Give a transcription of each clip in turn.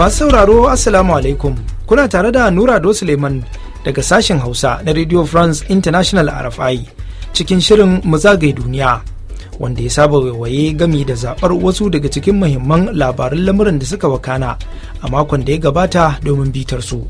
Masu sauraro Assalamu alaikum kuna tare da Nura ado Suleiman daga sashen Hausa na Radio France International RFI cikin shirin mu zagaye duniya wanda ya saba waiwaye gami da zabar wasu daga cikin muhimman labarin lamurin da suka wakana a makon da ya gabata domin bitar su.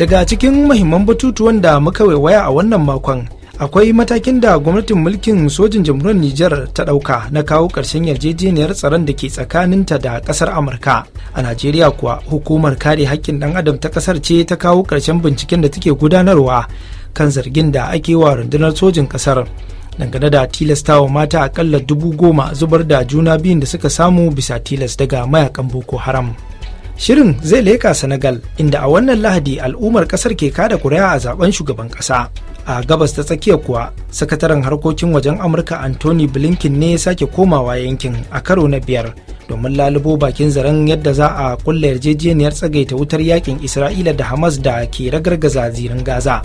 Daga cikin muhimman batutuwan da muka waiwaya a wannan makon akwai matakin da gwamnatin mulkin sojin jamhuriyar Nijar ta ɗauka na kawo ƙarshen yarjejeniyar tsaron da ke tsakaninta da ƙasar Amurka. A Najeriya kuwa hukumar kare haƙƙin ɗan adam ta ƙasar ce ta kawo ƙarshen binciken da take gudanarwa kan zargin da ake wa rundunar sojin ƙasar. dangane da tilastawa mata akalla dubu goma zubar da juna biyun da suka samu bisa tilas daga mayakan boko haram. Shirin zai leka Senegal inda a wannan lahadi al'ummar kasar ke kada kuri'a a zaben shugaban kasa A gabas ta tsakiya kuwa, sakataren harkokin wajen Amurka Anthony Blinken ne ya sake komawa yankin a karo na biyar domin lalubo bakin zaren yadda za a kulla yarjejeniyar tsagaita wutar yakin Isra'ila da Hamas da ke ragargaza zirin Gaza.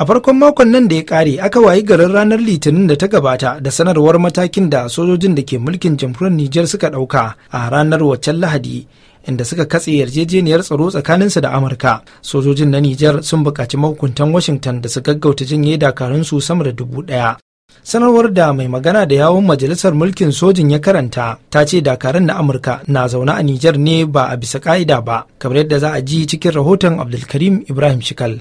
a farkon makon nan da ya kare aka wayi garin ranar litinin da ta gabata da sanarwar matakin da sojojin da ke mulkin jamhuriyar nijar suka ɗauka a ranar waccan lahadi inda suka katse yarjejeniyar tsaro tsakaninsu da amurka sojojin na nijar sun buƙaci mahukuntan washington da su gaggauta janye dakarunsu sama da dubu ɗaya sanarwar da mai magana da yawon majalisar mulkin sojin ya karanta ta ce dakarun na amurka na zaune a nijar ne ba a bisa ka'ida ba kamar yadda za a ji cikin rahoton abdulkarim ibrahim shikal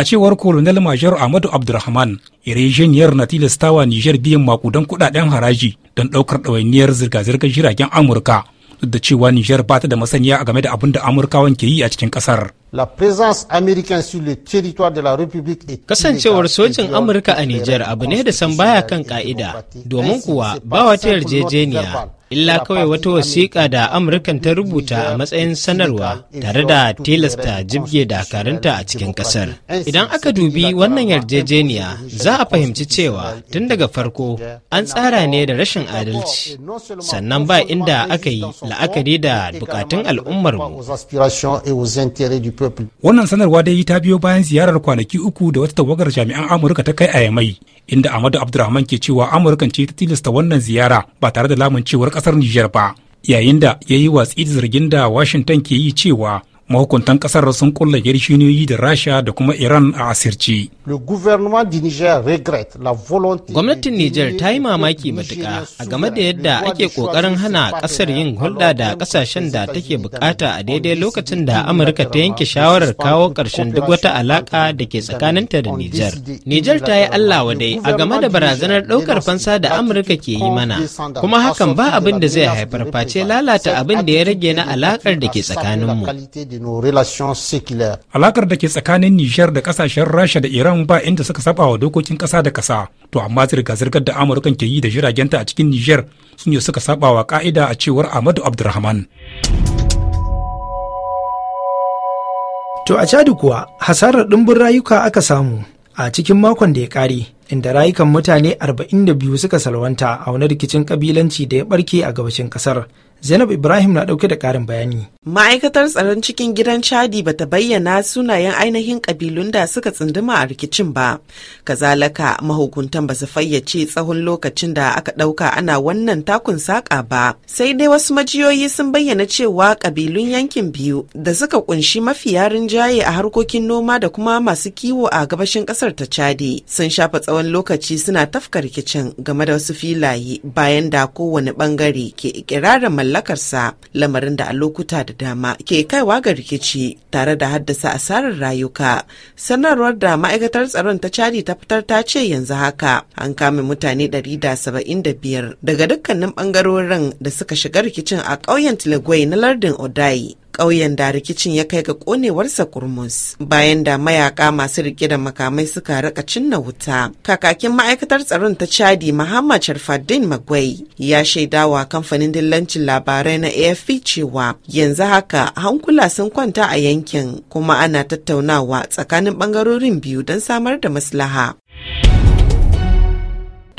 a cewar colonel major ahmadu abdulrahman yarjejeniyar na tilastawa nijar biyan makudan kudaden haraji don daukar ɗawainiyar zirga-zirgar jiragen amurka duk da cewa nijar ba ta da masaniya game da abin da amurkawan ke yi a cikin kasar La présence américaine sur le Kasancewar sojin Amurka a Nijar abu ne da san baya kan ka'ida, domin kuwa ba wata yarjejeniya illa kawai wata wasiƙa da Amurkan ta rubuta a matsayin sanarwa tare da tilasta jibge dakarunta a cikin ƙasar. Idan aka dubi wannan yarjejeniya za a fahimci cewa tun daga farko an tsara ne da rashin adalci, sannan ba inda aka yi la'akari da bukatun al'ummarmu. Wannan sanarwa dai ta biyo bayan ziyarar kwanaki uku da wata tawagar jami'an Amurka ta kai a Yamai, inda Ahmadu Abdulrahman ke cewa Amurkan ce ta tilasta wannan ziyara ba tare da lamun cewar kasar Nijar ba. Yayin da ya yi watsi da zargin da Washington ke yi cewa mahukuntan kasar sun kulla yarjejeniyoyi da rasha da kuma iran a asirci. gwamnatin niger ta yi mamaki matuka a game da yadda ake kokarin hana kasar yin hulɗa da kasashen da take bukata a daidai lokacin da amurka ta yanke shawarar kawo ƙarshen duk wata alaƙa da ke tsakaninta da niger niger ta yi allah wadai a game da barazanar ɗaukar fansa da amurka ke yi mana kuma hakan ba abin da zai haifar face lalata abin da ya rage na alaƙar da ke tsakaninmu nos relations séculaires. Alakar da ke tsakanin niger da kasashen Rasha da Iran ba inda suka saba wa dokokin kasa da kasa. To amma zirga-zirgar da Amurkan ke yi da jiragenta a cikin niger sun yi suka saba wa ka'ida a cewar Ahmadu Abdulrahman. To a Chad kuwa hasarar ɗumbin rayuka aka samu a cikin makon da ya ƙare inda rayukan mutane 42 suka salwanta a wani rikicin ƙabilanci da ya ɓarke a gabashin ƙasar Zainab Ibrahim na ɗauke da ƙarin bayani. Ma'aikatar tsaron cikin gidan Chadi ba ta bayyana sunayen ainihin ƙabilun da suka tsunduma a rikicin ba. Kazalaka mahukuntan ba su fayyace tsawon lokacin da aka ɗauka ana wannan takun saƙa ba. Sai dai wasu majiyoyi sun bayyana cewa ƙabilun yankin biyu da suka kunshi mafiya rinjaye a harkokin noma da kuma masu kiwo a gabashin ƙasar ta Chadi sun shafa tsawon lokaci suna tafka rikicin game da wasu filaye bayan da kowane ɓangare ke ikirarin mallakarsa lamarin da a lokuta da dama ke kaiwa ga rikici tare da haddasa asarar rayuka sanarwar da ma'aikatar tsaron ta cadi ta fitar ta ce yanzu haka an kame mutane 175 daga dukkanin bangarorin da suka shiga rikicin a ƙauyen tilagwai na lardin odai ƙauyen da rikicin ya kai ga ƙonewarsa kurmus bayan da mayaka masu rike da makamai suka rika cinna wuta kakakin ma'aikatar tsaron ta chadi muhammad sharfaddin magwai ya shaidawa kamfanin dillancin labarai na afp cewa yanzu haka hankula sun kwanta a yankin kuma ana tattaunawa tsakanin ɓangarorin biyu don samar da maslaha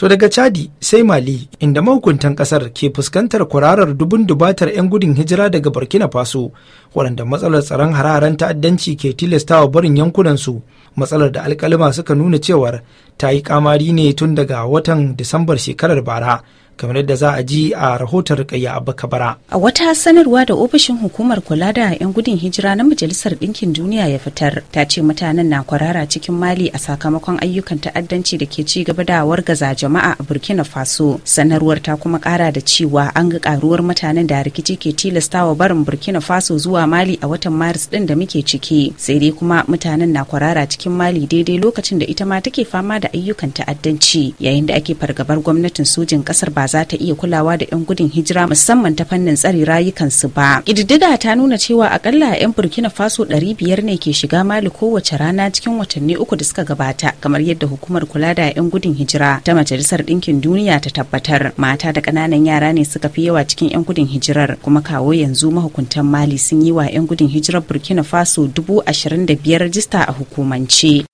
To daga Chadi sai Mali inda mahukuntan kasar ke fuskantar kwararar dubun dubatar 'yan gudun hijira daga Burkina Faso waɗanda matsalar tsaron hararen ta'addanci ke tilastawa barin yankunansu matsalar da alkalima suka nuna cewar ta yi kamari ne tun daga watan Disambar shekarar bara kamar yadda za a ji a rahoton rikayya abba kabara a wata sanarwa da ofishin hukumar kula da 'yan gudun hijira na majalisar ɗinkin duniya ya fitar ta ce mutanen na kwarara cikin mali a sakamakon ayyukan ta'addanci da ke ci gaba da wargaza jama'a a burkina faso sanarwar ta kuma kara da cewa an ga karuwar mutanen da rikici ke tilastawa barin burkina faso zuwa mali a watan maris ɗin da muke ciki sai dai kuma mutanen na kwarara cikin mali daidai lokacin da ita ma take fama da ayyukan ta'addanci yayin da ake fargabar gwamnatin sojin kasar ba za ta iya kulawa da 'yan gudun hijira musamman ta fannin tsare rayukansu ba. Ƙididdiga ta nuna cewa akalla 'yan Burkina Faso 500 ne ke shiga Mali kowace rana cikin watanni uku da suka gabata kamar yadda hukumar kula da 'yan gudun hijira ta Majalisar Ɗinkin Duniya ta tabbatar. Mata da ƙananan yara ne suka fi yawa cikin 'yan gudun hijirar kuma kawo yanzu mahukuntan Mali sun yi wa 'yan gudun hijirar Burkina Faso dubu ashirin da biyar rajista a hukumance.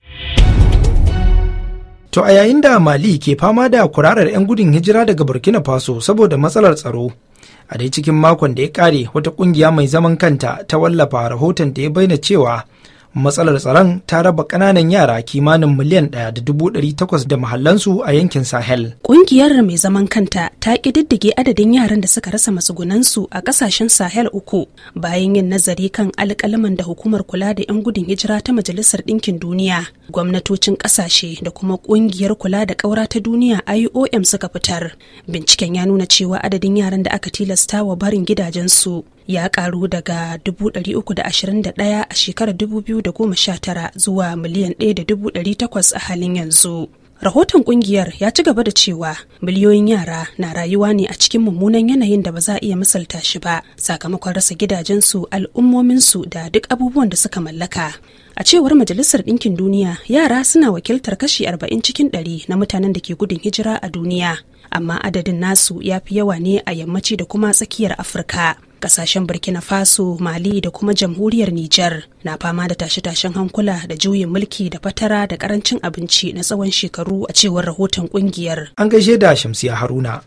To a yayin da Mali ke fama da kurarar 'yan gudun hijira daga Burkina Faso saboda matsalar tsaro. A dai cikin makon da ya kare wata kungiya mai zaman kanta ta wallafa rahoton da ya bayyana cewa matsalar tsaron ta raba ƙananan yara kimanin miliyan ɗaya da dubu ɗari takwas da mahallansu a yankin sahel ƙungiyar mai zaman kanta ta ƙididdige adadin yaran da suka rasa matsugunansu a ƙasashen sahel uku bayan yin nazari kan alƙalaman da hukumar kula da 'yan gudun hijira ta majalisar ɗinkin duniya gwamnatocin ƙasashe da kuma ƙungiyar kula da ƙaura ta duniya iom suka fitar binciken ya nuna cewa adadin yaran da aka tilasta wa barin gidajensu ya karu daga 321 a shekarar 2019 zuwa miliyan 1,800 a halin yanzu. Rahoton kungiyar ya ci gaba da cewa miliyoyin yara na rayuwa ne a cikin mummunan yanayin da ba za a iya misalta shi ba sakamakon rasa gidajensu al'ummominsu da duk abubuwan da suka mallaka. A cewar Majalisar Ɗinkin Duniya, yara suna wakiltar kashi 40 cikin 100 na mutanen da ke gudun hijira a duniya, amma adadin nasu ya fi yawa ne a yammaci da kuma tsakiyar Afirka. kasashen burkina faso mali da kuma jamhuriyar nijar na fama da tashe-tashen hankula da juyin mulki da fatara da karancin abinci na tsawon shekaru a cewar rahoton kungiyar an gaishe da shamsiya haruna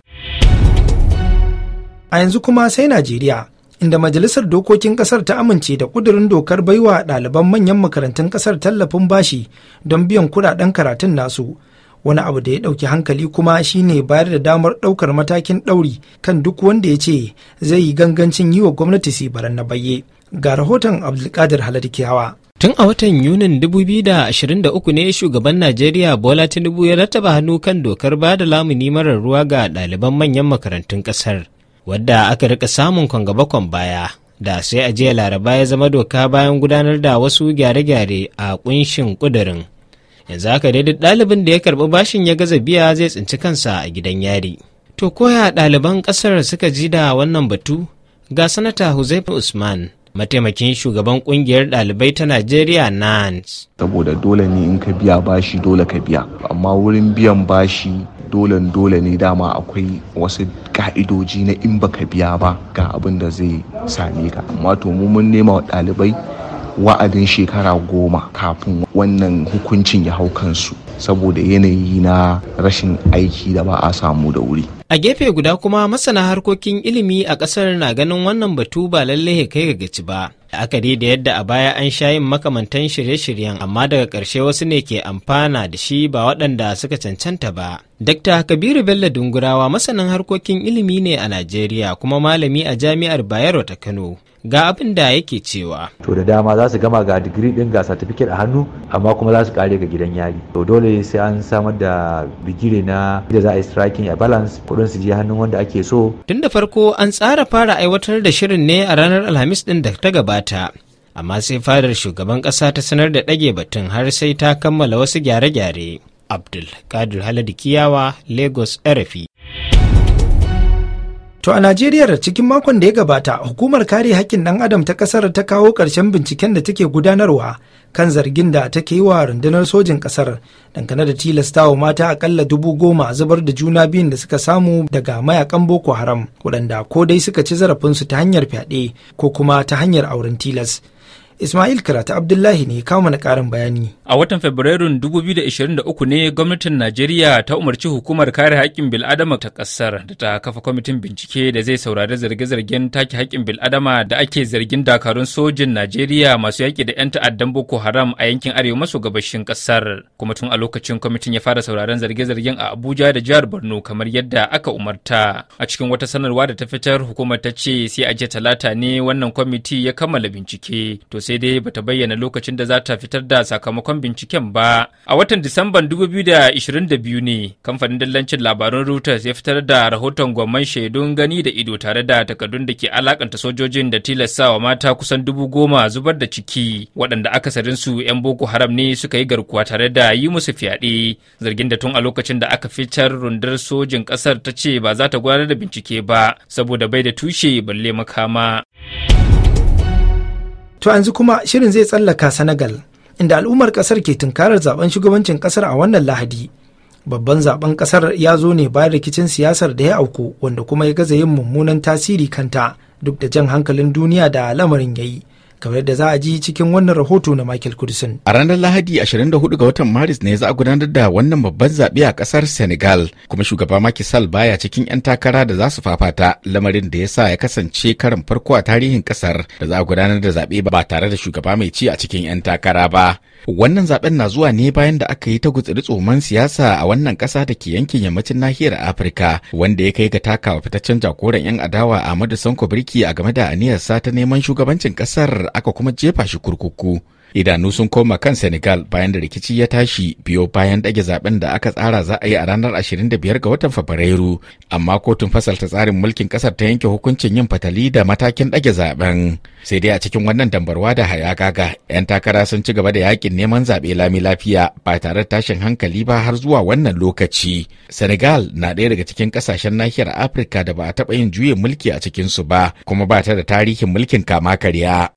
a yanzu kuma sai najeriya inda majalisar dokokin kasar ta amince da kudurin dokar baiwa ɗaliban manyan makarantun kasar tallafin bashi don biyan kudaden karatun nasu wani abu da ya ɗauki hankali kuma shine bayar da damar ɗaukar matakin ɗauri kan duk wanda ya ce zai yi gangancin yi wa gwamnati baran na bayye ga rahoton abdulkadir halarkiyawa Tun a watan Yunin 2023 ne shugaban Najeriya Bola Tinubu ya rattaba hannu kan dokar ba da lamuni marar ruwa ga ɗaliban manyan makarantun ƙasar, wadda aka rika samun kwangabakon baya. Da sai a jiya laraba ya zama doka bayan gudanar da wasu gyare-gyare a ƙunshin ƙudurin. yanzu haka dai duk ɗalibin da ya karɓi bashin ya gaza biya zai tsinci kansa a gidan yari to koya ɗaliban ƙasar suka ji da wannan batu ga sanata huzaifa usman mataimakin shugaban kungiyar ɗalibai ta najeriya nans saboda dole ne in ka biya bashi dole ka biya amma wurin biyan bashi dole dole ne dama akwai wasu ka'idoji na in baka biya ba ga abin da zai same ka amma to mun nema wa ɗalibai wa'adin shekara goma kafin wannan hukuncin ya hau kansu saboda yanayi na rashin aiki da ba a samu da wuri A gefe guda kuma masana harkokin ilimi a ƙasar na ganin wannan batu ba lalle ya kai ga gaci ba. La'akari da yadda a baya an sha yin makamantan shirye-shiryen amma daga ƙarshe wasu ne ke amfana da shi ba waɗanda suka cancanta ba. Dr. Kabiru Bello Dungurawa masanin harkokin ilimi ne a Najeriya kuma malami a Jami'ar Bayero ta Kano. ga abin da yake cewa. To da dama za su gama ga digiri din ga satifiket a hannu amma kuma za su kare ga gidan yari. To dole sai an samar da bigire na da za a yi striking a balance wurin su je hannun wanda ake so. Tun da farko an tsara fara aiwatar da shirin ne a ranar Alhamis ɗin da ta gabata. Amma sai fadar shugaban ƙasa ta sanar da ɗage batun har sai ta kammala wasu gyare-gyare. Abdul Kadir Haladu Kiyawa, Lagos, RFI. To a Najeriya cikin makon da ya gabata hukumar kare haƙƙin ɗan adam ta ƙasar ta kawo ƙarshen binciken da take gudanarwa kan zargin da take yi wa rundunar sojin ƙasar dangane da tilastawa mata aƙalla dubu goma zubar da juna biyun da suka samu daga mayakan Boko Haram waɗanda ko dai suka ci zarafinsu ta hanyar fyaɗe ko kuma ta hanyar auren tilas. Ismail Karatu Abdullahi ne kawo mana ƙarin bayani. A watan Fabrairun 2023 ne gwamnatin Najeriya ta umarci hukumar kare haƙƙin bil'adama ta ƙasar da ta kafa kwamitin bincike da zai saurari zarge-zargen take haƙƙin bil'adama da ake zargin dakarun sojin Najeriya masu yaƙi da 'yan ta'addan Boko Haram a yankin arewa maso gabashin ƙasar. Kuma tun a lokacin kwamitin ya fara sauraron zarge-zargen a Abuja da jihar Borno kamar yadda aka umarta. A cikin wata sanarwa da ta fitar hukumar ta ce sai a jiya talata ne wannan kwamiti ya kammala bincike. To sai dai bata bayyana lokacin da za ta fitar da sakamakon binciken ba. A watan Disamban 2022 ne kamfanin dallancin labarun Reuters ya fitar da rahoton gwamman shaidun gani da ido tare da takardun da ke alakanta sojojin da tilastawa mata kusan dubu goma zubar da ciki waɗanda akasarin su 'yan Boko Haram ne suka yi garkuwa tare da yi musu fyaɗe zargin da tun a lokacin da aka fitar rundar sojin ƙasar ta ce ba za ta gudanar da bincike ba saboda bai da tushe balle makama. To yanzu kuma shirin zai tsallaka Senegal inda al'ummar kasar ke tunkarar zaben shugabancin kasar a wannan Lahadi. Babban zaben kasar ya zo ne bayan rikicin siyasar da ya auku wanda kuma ya gaza yin mummunan tasiri kanta duk da jan hankalin duniya da lamarin yayi. kamar yadda za a ji cikin wannan rahoto na Michael Kudisin. A ranar Lahadi 24 ga watan Maris ne za a gudanar da wannan babban zaɓe a ƙasar Senegal kuma shugaba Macky Sall baya cikin 'yan takara da za su fafata lamarin da ya sa ya kasance karin farko a tarihin ƙasar da za a gudanar da zaɓe ba tare da shugaba mai ci a cikin 'yan takara ba. Wannan zaɓen na zuwa ne bayan da aka yi ta gutsiri tsoman siyasa a wannan ƙasa da ke yankin yammacin nahiyar Afirka wanda ya kai ga takawa fitaccen jagoran 'yan adawa Ahmadu Sanko Birki a game da aniyarsa ta neman shugabancin ƙasar aka kuma jefa shi kurkuku idanu sun koma kan senegal bayan da rikici ya tashi biyo bayan dage zaben da aka tsara za a yi a ranar 25 ga watan fabrairu amma kotun fasalta tsarin mulkin ƙasar ta yanke hukuncin yin fatali da matakin dage zaben sai dai a cikin wannan dambarwa da hayagaga 'yan takara sun ci gaba da yakin neman zaɓe lami lafiya ba tare da tashin hankali ba har zuwa wannan lokaci senegal na ɗaya daga cikin ƙasashen nahiyar afirka da ba a taɓa yin juyin mulki a cikinsu ba kuma ba ta da tarihin mulkin kama karya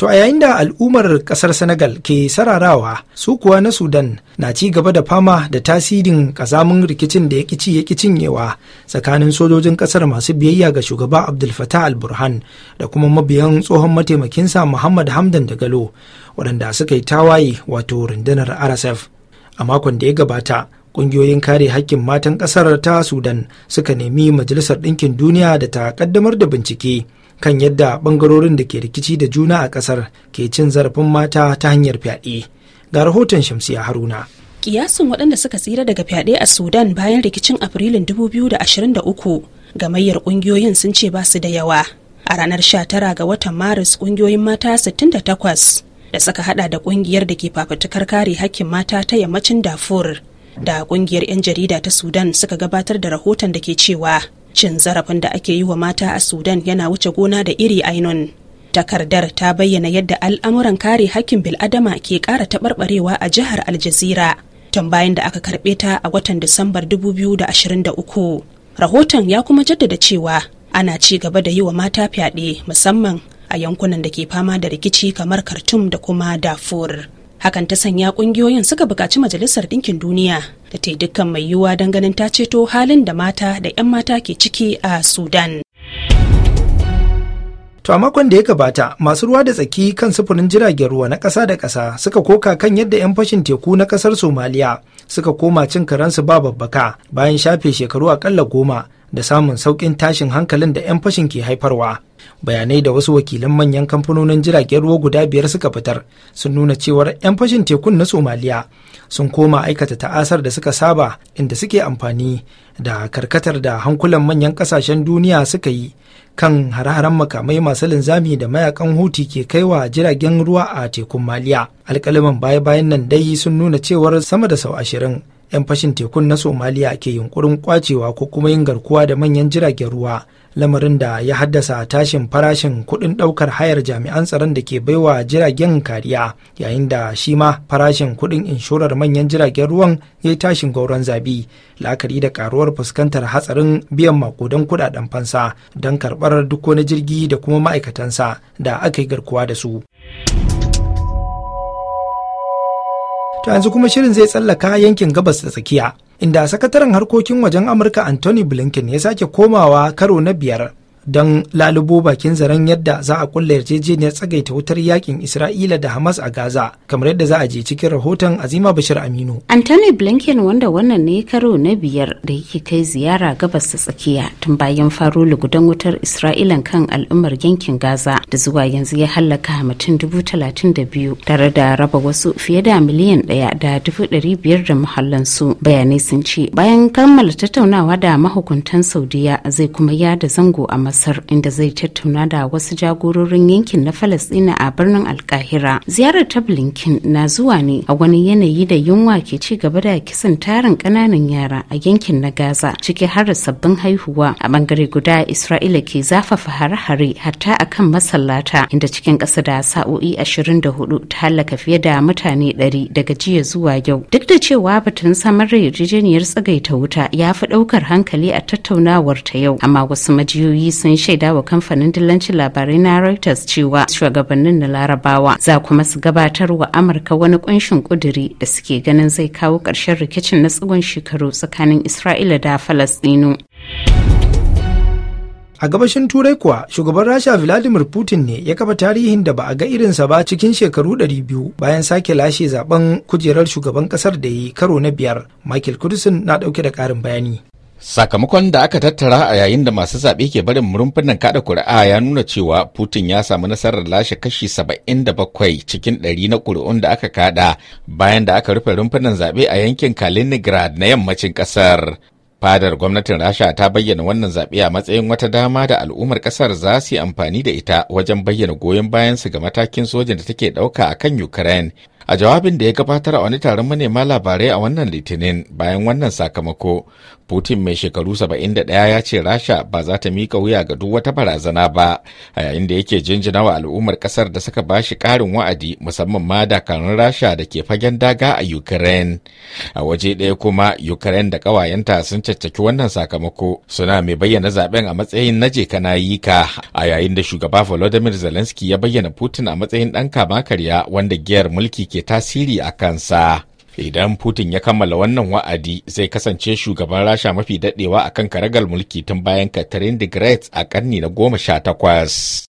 To a yayin da al'ummar kasar Senegal ke sararawa su kuwa na Sudan na ci gaba da fama da tasirin kazamin rikicin da ya kici ya cinyewa tsakanin sojojin kasar masu biyayya ga shugaba Abdul Fattah al-Burhan da kuma mabiyan tsohon mataimakinsa Muhammad Hamdan Dagalo waɗanda suka yi tawaye wato rundunar RSF. A makon da ya gabata, ƙungiyoyin kare haƙƙin matan ƙasar ta Sudan suka nemi Majalisar Ɗinkin Duniya da ta ƙaddamar da bincike. kan yadda bangarorin da ke rikici da juna a ƙasar ke cin zarafin mata ta hanyar fyaɗe ga rahoton shamsiya haruna kiyasin waɗanda suka tsira daga fyaɗe a sudan bayan rikicin afrilun 2023 gamayyar ƙungiyoyin sun ce ba su da yawa a ranar 19 ga watan maris ƙungiyoyin mata 68 da suka hada da ƙungiyar da ke fafutukar kare hakkin mata ta yammacin dafur da ƙungiyar 'yan jarida ta sudan suka gabatar da rahoton da ke cewa cin zarafin da ake yi wa mata a sudan yana wuce gona da iri ainon takardar ta bayyana yadda al'amuran kare hakkin bil'adama ke ƙara taɓarɓarewa a jihar aljazira tun bayan da aka karɓe ta a watan disambar 2023 rahoton ya kuma jaddada cewa ana ci gaba da yi wa mata fyaɗe musamman a yankunan da ke fama da rikici kamar khartoum da kuma darfur hakan ta sanya kungiyoyin suka buƙaci majalisar ɗinkin duniya da ta yi dukkan mai yiwuwa don ganin ta ceto halin da mata da 'yan mata ke ciki a sudan To a makon da ya gabata masu ruwa da tsaki kan sufurin jiragen ruwa na ƙasa da ƙasa suka koka kan yadda 'yan fashin teku na ƙasar Somaliya suka koma cin karansu ba babbaka bayan shafe shekaru akalla goma da samun sauƙin tashin hankalin da 'yan fashin ke haifarwa bayanai da wasu wakilan manyan kamfanonin jiragen ruwa guda biyar suka fitar sun nuna cewar 'yan fashin tekun na somaliya sun koma aikata ta'asar da suka saba inda suke amfani da karkatar da hankulan manyan kasashen duniya suka yi kan hare-haren makamai masu linzami da mayakan huti ke kaiwa jiragen ruwa a tekun maliya alkaliman baya-bayan nan dai sun nuna cewar sama da sau ashirin 'yan fashin tekun na somaliya ke yunkurin kwacewa ko kuma yin garkuwa da manyan jiragen ruwa lamarin da ya haddasa tashin farashin kuɗin ɗaukar hayar jami'an tsaron da ke baiwa jiragen kariya yayin da shi ma farashin kuɗin inshorar manyan jiragen ruwan ya yi tashin gauron zabi la'akari da karuwar fuskantar hatsarin biyan makudan kuɗaɗen fansa don karɓar duk wani jirgi da kuma ma'aikatansa da aka yi garkuwa da su. to yanzu kuma shirin zai tsallaka yankin gabas da tsakiya inda sakataren harkokin wajen amurka anthony blinken ya sake komawa karo na biyar don lalubo bakin zaren yadda za a kulla yarjejeniyar tsagaita wutar yakin Isra'ila da Hamas a Gaza kamar yadda za a je cikin rahoton Azima Bashir Aminu. Anthony Blinken wanda wannan ne karo na biyar da yake kai ziyara gabas ta tsakiya tun bayan faro lugudan wutar Isra'ila kan al'ummar yankin Gaza da zuwa yanzu ya hallaka mutum dubu talatin da biyu tare da raba wasu fiye da miliyan ɗaya da dubu ɗari biyar da su bayanai sun ce bayan kammala tattaunawa da mahukuntan Saudiya zai kuma yada zango a masa Masar inda zai tattauna da wasu jagororin yankin na Falasɗina a birnin Alkahira. Ziyarar ta Blinken na zuwa ne a wani yanayi da yunwa ke ci gaba da kisan tarin kananan yara a yankin na Gaza ciki har da sabbin haihuwa a bangare guda Isra'ila ke zafafa hare-hare hatta a kan masallata inda cikin kasa da sa'o'i 24 ta halaka fiye da mutane 100 daga jiya zuwa yau. Duk da cewa batun samar da yarjejeniyar tsagaita wuta ya fi daukar hankali a tattaunawar ta yau amma wasu majiyoyi sun shaida wa kamfanin dillancin labarai na Reuters cewa shugabannin na Larabawa za kuma su gabatar wa Amurka wani kunshin kuduri da suke ganin zai kawo ƙarshen rikicin na tsawon shekaru tsakanin Isra'ila da Falastinu. A gabashin Turai kuwa shugaban Rasha Vladimir Putin ne ya kafa tarihin da ba a ga irinsa ba cikin shekaru 200 bayan sake lashe zaben kujerar shugaban kasar da yi karo na biyar. Michael Kudusin na dauke da karin bayani. Sakamakon da aka tattara a yayin da masu zaɓe ke barin murumfunan kada kuri'a ya nuna cewa Putin ya samu nasarar lashe kashi 77 cikin 100 na ƙuri'un da aka kada bayan da aka rufe rumfunan zaɓe a yankin Kaliningrad na yammacin ƙasar. Fadar gwamnatin Rasha ta bayyana wannan zaɓe a matsayin wata dama da al'ummar ƙasar za su yi amfani da ita wajen bayyana goyon bayan su ga matakin sojin da take ɗauka a kan Ukraine. a jawabin da ya gabatar a wani taron manema labarai a wannan litinin bayan wannan sakamako Putin mai shekaru 71 ya ce Rasha ba za ta mika wuya ga duk wata barazana ba a yayin da yake jinjina wa al'ummar kasar da suka ba shi karin wa'adi musamman ma dakarun Rasha da ke fagen daga a Ukraine. A waje ɗaya kuma Ukraine da ƙawayenta sun caccaki wannan sakamako suna mai bayyana zaben a matsayin na je kana yi ka a yayin da shugaba Volodymyr Zelensky ya bayyana Putin a matsayin ɗan kama karya wanda giyar mulki ke tasiri a kansa. Idan Putin ya kammala wannan wa'adi zai kasance shugaban Rasha mafi daɗewa a kan karagar mulki tun bayan katrin de Great a ƙarni na goma sha takwas.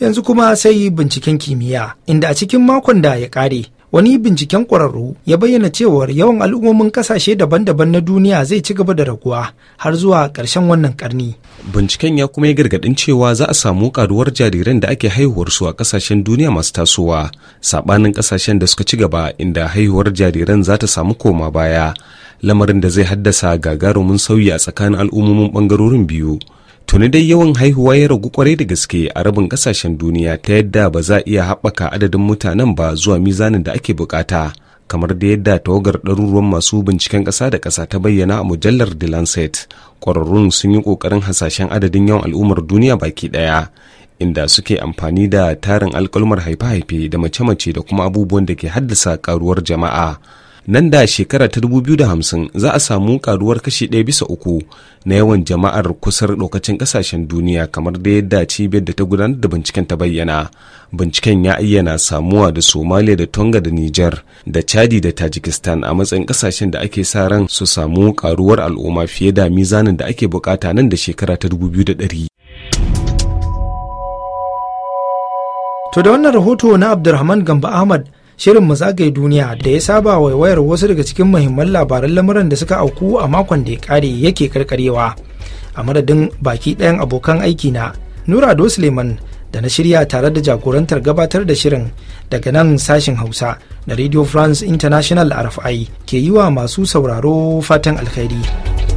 Yanzu kuma sai binciken kimiyya, inda a cikin makon da ya ƙare, wani binciken ƙwararru ya bayyana cewar yawan al'ummomin ƙasashe daban-daban na duniya zai ci gaba da raguwa har zuwa ƙarshen wannan ƙarni. Binciken ya kuma yi gargaɗin cewa za a samu ƙaruwar jariran da ake haihuwar su a ƙasashen duniya masu tasowa, saɓanin ƙasashen da suka ci gaba inda haihuwar jariran za ta samu koma baya, lamarin da zai haddasa gagarumin sauyi a tsakanin al'ummomin ɓangarorin biyu. tuni dai yawan haihuwa ya ragu kwarai da gaske a rabin kasashen duniya ta yadda ba za a iya haɓaka adadin mutanen ba zuwa mizanin da ake bukata kamar da yadda tawagar ɗaruruwan masu binciken ƙasa da ƙasa ta bayyana a mujallar the lancet ƙwararrun sun yi ƙoƙarin hasashen adadin yawan al'ummar duniya baki ɗaya inda suke amfani da tarin alkalmar haife-haife da mace-mace da kuma abubuwan da ke haddasa ƙaruwar jama'a nan da shekara ta hamsin za a samu karuwar kashi ɗaya bisa uku na yawan jama'ar kusar lokacin ƙasashen duniya kamar da yadda cibiyar da ta gudanar da binciken ta bayyana binciken ya ayyana samuwa da somaliya da tonga da niger da chadi da tajikistan a matsayin ƙasashen da ake sa ran su samu karuwar al'umma fiye da mizanin da ake bukata nan da shekara ta 2100 To da wannan rahoto na Abdulrahman Gamba Ahmad shirin mu zagaye duniya da ya saba waiwayar wasu daga cikin muhimman labaran lamuran da suka auku a makon da ya kare yake karkarewa a madadin baki ɗayan abokan aiki na nura do suleiman da na shirya tare da jagorantar gabatar da shirin daga nan sashen hausa da radio france international rfi ke yi wa masu sauraro fatan alkhairi.